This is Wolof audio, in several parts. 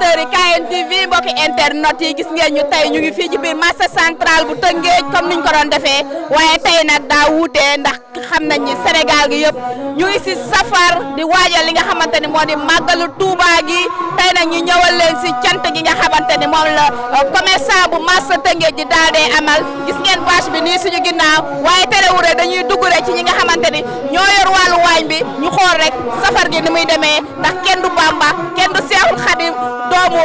téléspectateurs yi KN TV mbokki internet yi gis ngeen ñu tey ñu ngi fii ci biir central bu Tëngéej comme niñ ko doon defee waaye tey nag daa wuute ndax xam nañ ni Sénégal gi yëpp ñu ngi si safar di waajal li nga xamante ni moo di màggalu Touba gi tey nag ñu ñëwal leen si cant gi nga xamante ni moom la euh, commerçant bu marché Tëngéej di daal amal gis ngeen bâche bi nii suñu ginnaaw waaye terewul rek dañuy dugg rek ci ñi nga xamante ni ñoo yor wàllu waañ bi ñu xool rek safar gi ni muy doomu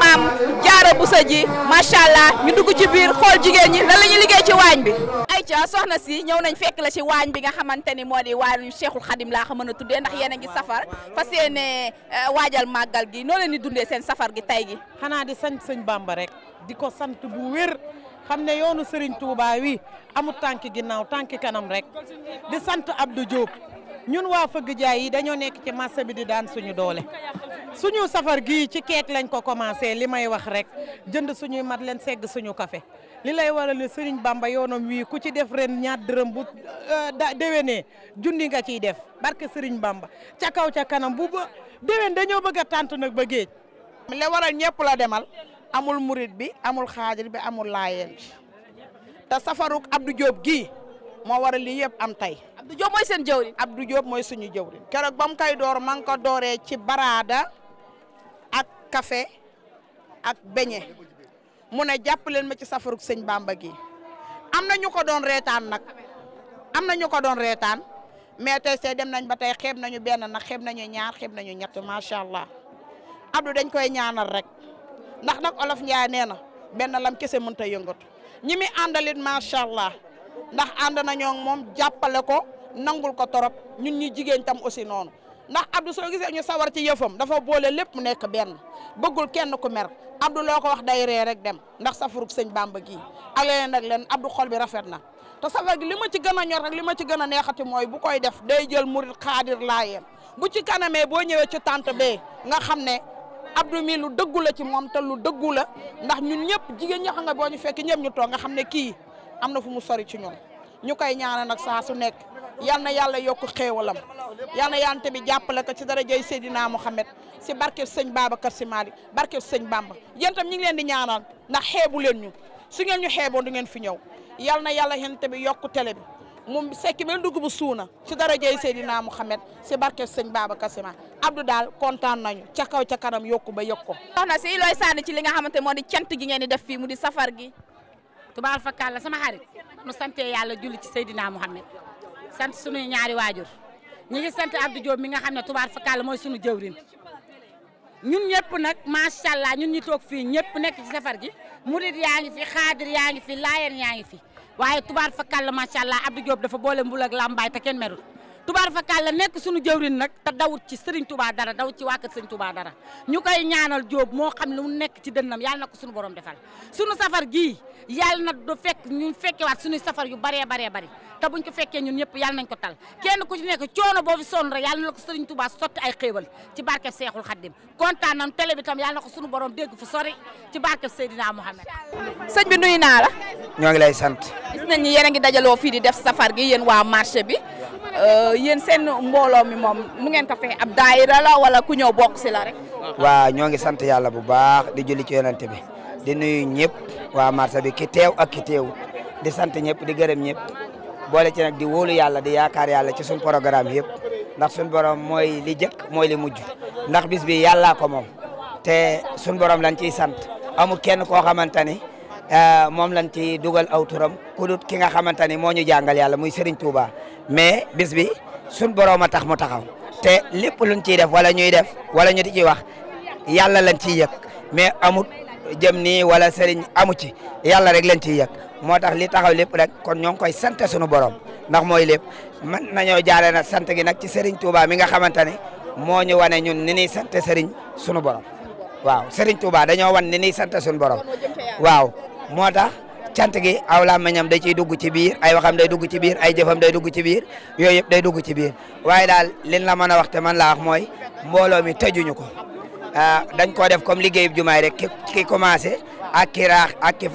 maam jaara bu sa ji macha allah ñu dugg ci biir xool jigéen ñi lan la ñuy liggéey ci waañ bi. ayca soxna si ñëw nañ fekk la ci waañ bi nga xamante ni moo di waañu Cheikhul Khadim laa ko mën a tuddee ndax yéen a ngi safar fas yéene eh, waajal màggal gi noo leen di dundee seen safar gi tey gi. xanaa di sant sëñ Bamba rek di ko sant bu wér. xam ne yoonu Serigne Touba wi amul tànk ginnaaw tànk kanam rek di sant Abdou Diop ñun waa fëgg jaay yi dañoo nekk ci marché bi di daan suñu doole suñu safar gii ci keek lañ ko commencé li may wax rek jënd suñuy mat leen segg suñu kafe li lay waral ne Sëriñ Bamba yoonam wii ku ci def ren ñaar dërëm bu euh, da déwénee junni nga ciy def barke Sëriñ Bamba ca kaw ca kanam bu ba déwén dañoo bëgg a tànt nag ba géej waral ñëpp la demal amul murit bi amul xaadir bi amul laayeen bi te safaruk Abdou Diop gii moo waral lii yëpp am tey Abdou Diop mooy seen jëwriñ Abdou Diop mooy suñu jëwriñ keroog ba mu koy door ma ngi ko dooree ci baraada ak kafe ak beñe mu ne jàpp leen ma ci safaruk sëñ Bamba gi am na ñu ko doon reetaan nag am na ñu ko doon reetaan mais tey see dem nañ ba tey xeeb nañu benn na xeeb nañu ñaar xeeb nañu ñett macha allah Abdou dañ koy ñaanal rek ndax nag olof Ndiaye nee na benn lam kese mënut a yëngatu ñi mi àndalit macha allah ndax ànd nañoo moom jàppale ko nangul ko torop ñun ñi jigéen tam aussi noonu ndax Abdou soo gisee ñu sawar ci yëfam dafa boole lépp mu nekk benn bëggul kenn ku mer Abdou loo ko wax day ree rek dem ndax safurug sëñ Bamba gii ak leneen ak leneen Abdou xol bi rafet na te safar gi li ma ci gën a ñor rek li ma ci gën a neexati mooy bu koy def day jël murit xaadir laayeen bu ci kanamee boo ñëwee ci tante bee nga xam ne Abdou mi lu dëggu la ci moom te lu dëggu la ndax ñun ñëpp jigéen ñi xam nga boo ñu fekk ñëpp ñu toog nga xam ne kii am na fu mu sori ci ñoom ñu koy ñaanal nag saa su nekk yal na yàlla yokk xéewalam yal na yante bi jàppale ko ci darajay Seydina Mohamed si barkeb señ Babacar Si Maalik barkeb sëñ Bamba yéen tam ñu ngi leen di ñaanal ndax xeebu leen ñu su ngeen ñu xeeboon du ngeen fi ñëw yal na yàlla yante bi yokk télé bi mu sekki benn dugg suuna ci darajay Seydina Mohamed si barkeb sëñ Babacar Si Maalik Abdou daal kontaan nañu ca kaw ca kanam yokku ba yokk ko. wax na si looy sànni ci li nga xamante moo di cant gi ngeen di def fii mu di safar gi. tubaar fakkaal la sama xarit nu sante yàlla julli ci Seydina Mohamed sant sunuy ñaari waajur ñi ngi sant Abdou Diop mi nga xam ne tubaar fakkaal mooy sunu jëwrin ñun ñëpp nag macha allah ñun ñi toog fii ñëpp nekk ci safar gi murit yaa ngi fi xaadir yaa ngi fi laayeen yaa ngi fi waaye tubaar fakkaal macha allah Abdou Diop dafa boole mbul ak làmbaay te kenn merul tubaar fakal la nekk suñu jëwrin nag te dawut ci sëriñ tubaa dara dawut ci waa sëriñ tubaa dara ñu koy ñaanal jóob moo xam lu nekk ci dënnam yàlla na ko suñu borom defal suñu safar gii yàlla na du fekk ñu fekkewaat suñuy safar yu baree baree bari te buñ ko fekkee ñun ñëpp yàlla nañ ko tal kenn ku ci nekk coono boobu sonn rek yàlla na ko sëriñ tubaa sotti ay xéewal ci barkeb seexul xaddim kontaan nañ télé bi tam yàlla na ko suñu borom dégg fu sori ci barkeb seydina Muhammad sëñ bi nuyu naa la ñoo gi lay sant gis nañ ni ngi dajaloo fii di def safar gi yéen waa marché bi Euh, yéen seen mbooloo mi moom mu ngeen ko fexe ab daayira wala ku ñëw bokk si la rek. waaw ñoo ngi sant yàlla bu baax di julli ci yonent bi di nuyu ñëpp waa marché bi ki teew ak ki di sant ñëpp di gërëm ñëpp boole ci nag di woolu yàlla di yaakaar yàlla ci suñ programme yëpp ndax suñ borom mooy li jëkk mooy li mujj ndax bis yàlla yàllaa ko moom te suñ borom lañ ciy sant amul kenn koo Euh, moom lañ ci dugal aw turam ku ki nga xamante ni moo ñu jàngal yàlla muy Serigne Touba mais bis bi sun borom a tax mu taxaw te lépp luñ ciy def wala ñuy def wala ñu di ci wax yàlla lañ ci yëg mais amut jëm nii wala Serigne amu ci yàlla rek lañ ciy yëg moo tax li taxaw lépp rek kon ñoo ngi koy sant sunu borom ndax mooy lépp man nañoo jaaree nag sant gi nag ci Serigne Touba mi nga xamante ne moo ñu wane ñun ni ñuy sant Serigne sunu borom waaw Serigne Touba dañoo wan ni ñuy sant sunu borom moo tax cant gi aw làmmiñam da ciy dugg ci biir ay waxam day dugg ci biir ay jëfam day dugg ci biir yooyu yëpp day dugg ci biir waaye daal liñ la mën a wax man laa wax mooy mbooloo mi tëjuñu ko ah, dañ koo def comme liggéeyub jumaay rek ki commencé ak ki raax ak ki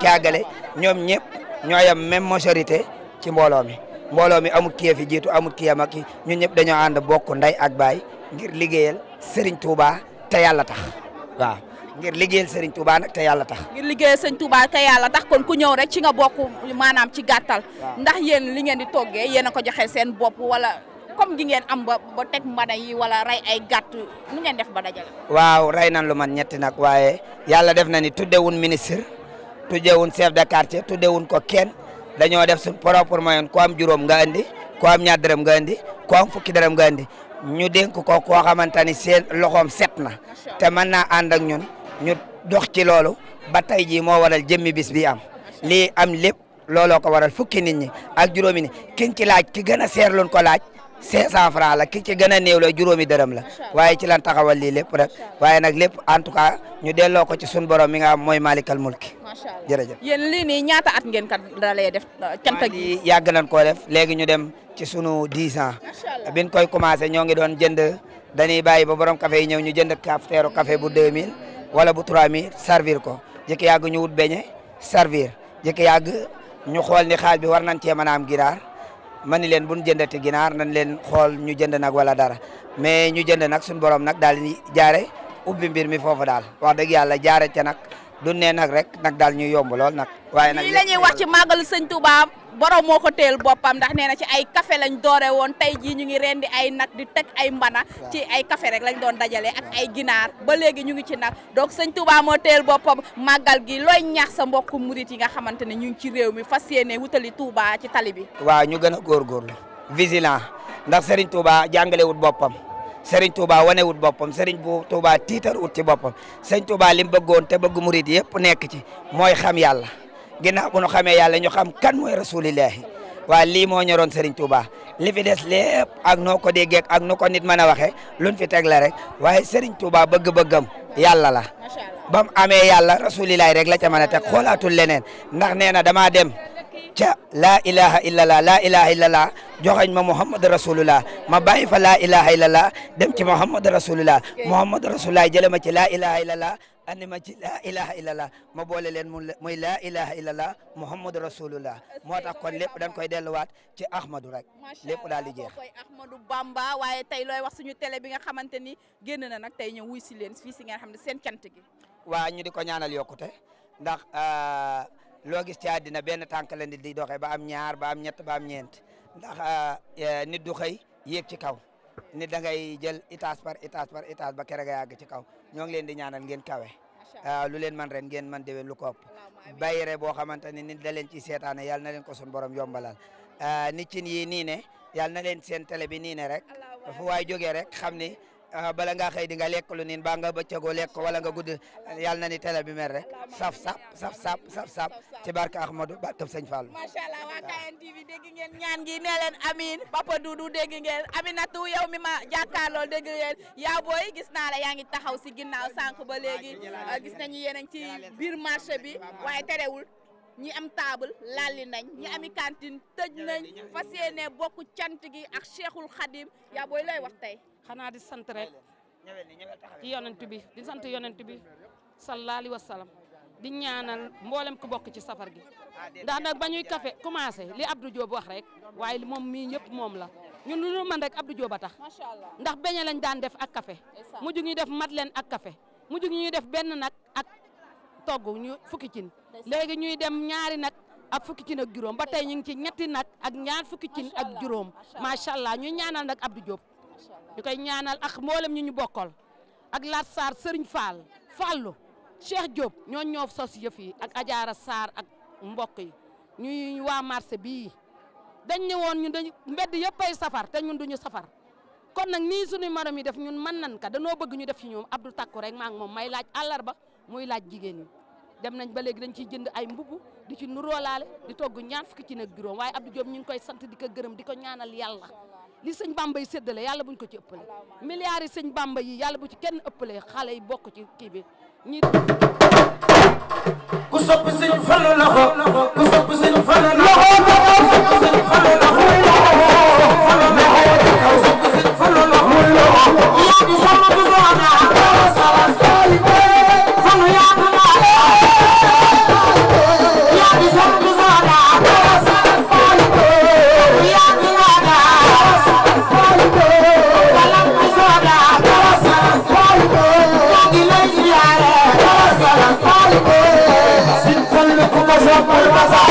ki àggale ñoom ñëpp ñoo yem même majorité ci mbooloo mi mbooloo mi amul kii fi jiitu amul kii am ak ki ñun ñëpp dañoo ànd bokk nday ak baay ngir liggéeyal Serigne Touba te yàlla tax ngir liggéeyal Serigne Touba te yàlla tax. ngir liggéeyal te yàlla tax kon ku ñëw rek ci nga bokk maanaam ci gàttal. ndax yéen li ngeen di toggee yéen a ko joxe seen bopp wala comme gi ngeen am ba ba teg mbana yi wala rey ay gàtt nu ngeen def ba dajale. waaw rey nañ lu man ñetti nag waaye yàlla def na ni tuddewun ministre tuddewun chef de quartier tuddewun ko kenn dañoo def suñ propre moyen ko am juróom nga andi ko am ñaar dërëm nga andi ko am fukki dërëm nga andi ñu dénk ko koo xamante ni seen loxoom set na mën naa ànd ak ñun. ñu dox ci loolu ba tey jii moo waral jëmmi bis bi am li am lépp looloo ko waral fukki nit ñi ak juróomi ni kiñ ci laaj ki gën a seerluñ ko laaj 500 francs la ki ci gën a néew juróomi dërëm la waaye ci lan taxawal lii lépp rek waaye nag lépp en tout cas ñu delloo ko ci sun borom mi nga am mooy Malikal Mulki. macha allah jërëjëf yéen lii ñaata at ngeen kat dalee def. Uh, cant ak yi yàgg nañ koo def léegi ñu dem ci sunu 10 ans. biñ koy commencé ñoo ngi doon jënd. dañuy bàyyi ba borom café yi ñëw ñu jënd cafteeru café bu 2000 wala bu 3000 servir ko jëkk yàgg ñu wut beñe servir jëkk yàgg ñu xool ni xaaj bi war nañ cee mën a am ginaar ma ni leen bu ñu jëndati ginaar nañ leen xool ñu jënd nag wala dara mais ñu jënd nag suñu boroom nag daal di jaare ubbi mbir mi foofu daal wax dëgg yàlla jaare ca nag du ne nag rek nag daal ñu yomb lool nag. waaye nag lii la ñuy wax ci màggalu sëñ Touba borom moo ko téel boppam ndax nee na ci ay café lañ doore woon tey jii ñu ngi rendi ay nag di teg ay mbana ci ay kafe rek lañ doon dajale ak ay ginaar ba léegi ñu ngi ci nag donc sëñ Touba moo téel boppam màggal gi looy ñaax sa mbokku murit yi nga xamante ne ñu ngi ci réew mi fas yéene wutali Touba ci tali bi waa ñu gën a góor góor la vigilant ndax Serigne Touba jàngale wut boppam Serigne Touba wane wut boppam Serigne bu Touba tiitar wut ci boppam Serigne Touba li mu te bëgg murit yëpp nekk ci mooy xam yàlla ginnaaw bu nu xamee yàlla ñu xam kan mooy rasulillahi waa lii moo ñoroon seriñ Touba li fi des lépp ak noo ko déggee ak nu ko nit mën a waxee luñ fi teg la rek waaye seriñ Touba bëgg baggam yàlla la. ba mu amee yàlla rasulillahi rek la ca mën a teg xoolaatul leneen ndax nee na damaa dem ca la ilaha illallah laa ilaha illallah joxeñ ma Muhammad rasulullah ma bàyyi fa laa ilaha illallah dem ci Muhammad rasulullah Muhammad rasulullah jëlee ma ci laa ilaha illallah. andi ma ci laa ilaha illallah ma boole leen muy laa ilaha illallah muhammadu rasulullah moo tax kon lépp dañ koy delluwaat ci ahmadu rek lépp daal di jeex koy ahmadu bamba waaye tey looy wax suñu télé bi nga xamante ni génn na nag tey ñëw wuy si leen fii si ngeen xam ne seen cant waa ñu di ko ñaanal yokkute ndax euh, loo gis ci àddina benn tànk di doxee ba am ñaar ba am ñett ba ñeent ndax euh, nit du xëy yéeg ci kaw ni da ngay jël étage par étage par étage ba kere nga yàgg ci kaw ñoo ngi leen di ñaanal ngeen kawe ah, lu leen man ren ngeen man déwén lu ko ëpp bayre boo xamante ne nit da leen ci seetaane yàlla na leen ko sun borom yombalal ah, nit ci yi nii ne yàlla na leen seen télé bi nii ne rek fu waay jógee rek xam ni Ah, bala nga xëy di nga lekk lu niin ba nga bëccëgoo lekk wala nga gudd yàlla na ni télé bi mer rek saf sap saf sap saf sap ci barke Ahmadou barke Sëñ Fall macha allah waa KN TV dégg ngeen ñaan gi nee amin papa Doudou dégg ngeen Aminatu yow mi ma jàkkaarloo dégg ngeen yaa gis naa la yaa ngi taxaw si ginnaaw sànq ba léegi gis nañu yéen a ci biir marché bi waaye terewul ñi am taabal lalli nañ ñi ami cantine tëj nañ fas yéene bokku cant gi ak cheikhul xadim yaa booy looy wax tey xanaa di sant ci yonent bi di sant yonent bi sallallahu alayhi wa sallam di ñaanal mboolem ku bokk ci safar gi ah, ndax nag ba ñuy café li Abdou Diop wax rek waaye moom mii ñëpp moom la ñun lu ñu mën rek Abdou Diop a tax ndax beñe lañ daan def ak café mujj ñuy def mat leen ak café mujj ñuy def benn nag ak togg ñu fukki cin léegi ñuy dem ñaari nag ak fukki cin ak juróom ba tey ñu ngi ci ñetti nag ak fukki cin ak juróom macha allah ñu ñaanal nag Abdou Diop ñu koy ñaanal ak mboolem ñu ñu bokkal ak Lat Sarr Serigne Fall Fallou Cheikh Diop ñoo ñoo sos yëf yi ak Ajaara saar ak mbokk yi ñuy waa marché bii dañ ne woon ñu dañ mbedd yëpp ay safar te ñun duñu safar kon nag nii suñu maram yi def ñun mën nan ka danoo bëgg ñu def ci ñoom Abdou Takku rek maa ngi moom may laaj àllarba muy laaj jigéen ñi dem nañ ba léegi dañ ciy jënd ay mbubb di ci nuroolaale di togg ñaan fukki ci nag juróom waaye Abdou Diop ñu ngi koy sant di ko gërëm di ko ñaanal yàlla li sëñ Bamba yi séddale yàlla buñ ko ci ëppale milliards yi sëñ Bamba yi yàlla bu ci kenn ëppale xale yi bokk ci kii bi ñi ku sopp sëñ Fallu loxo ku Mustafa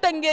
Tëngéej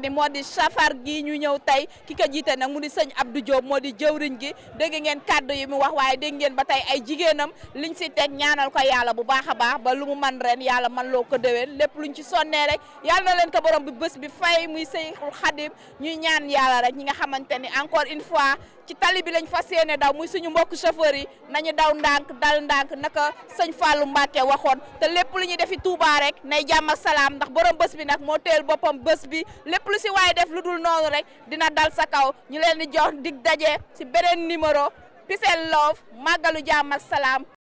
xamante ni moo di safar gi ñu ñëw tey ki ko jiite nag mu di sëñ du Diop moo di jëwriñ gi dégg ngeen kàddu yi mu wax waaye dégg ngeen ba tey ay jigéenam ñu si teg ñaanal ko yàlla bu baax a baax ba lu mu man ren yàlla man loo ko déwén lépp luñ ci sonnee rek yàlla na leen ko borom bi bés bi fay muy sëy Xadim ñuy ñaan yàlla rek ñi nga xamante ni encore une fois ci tali bi lañ fas yéene daw muy suñu mbokk chauffeur yi nañu daw ndànk dal ndànk naka sëñ Fallou Mbacke waxoon te lépp lu ñuy defi Touba rek nay jàmm ak borom bés bi nag moo teel boppam bés bi lu si waaye def lu dul noonu rek dina dal sa kaw ñu leen di jox dig daje si beneen numéro Peace and Love màggalu jàmm ak salaam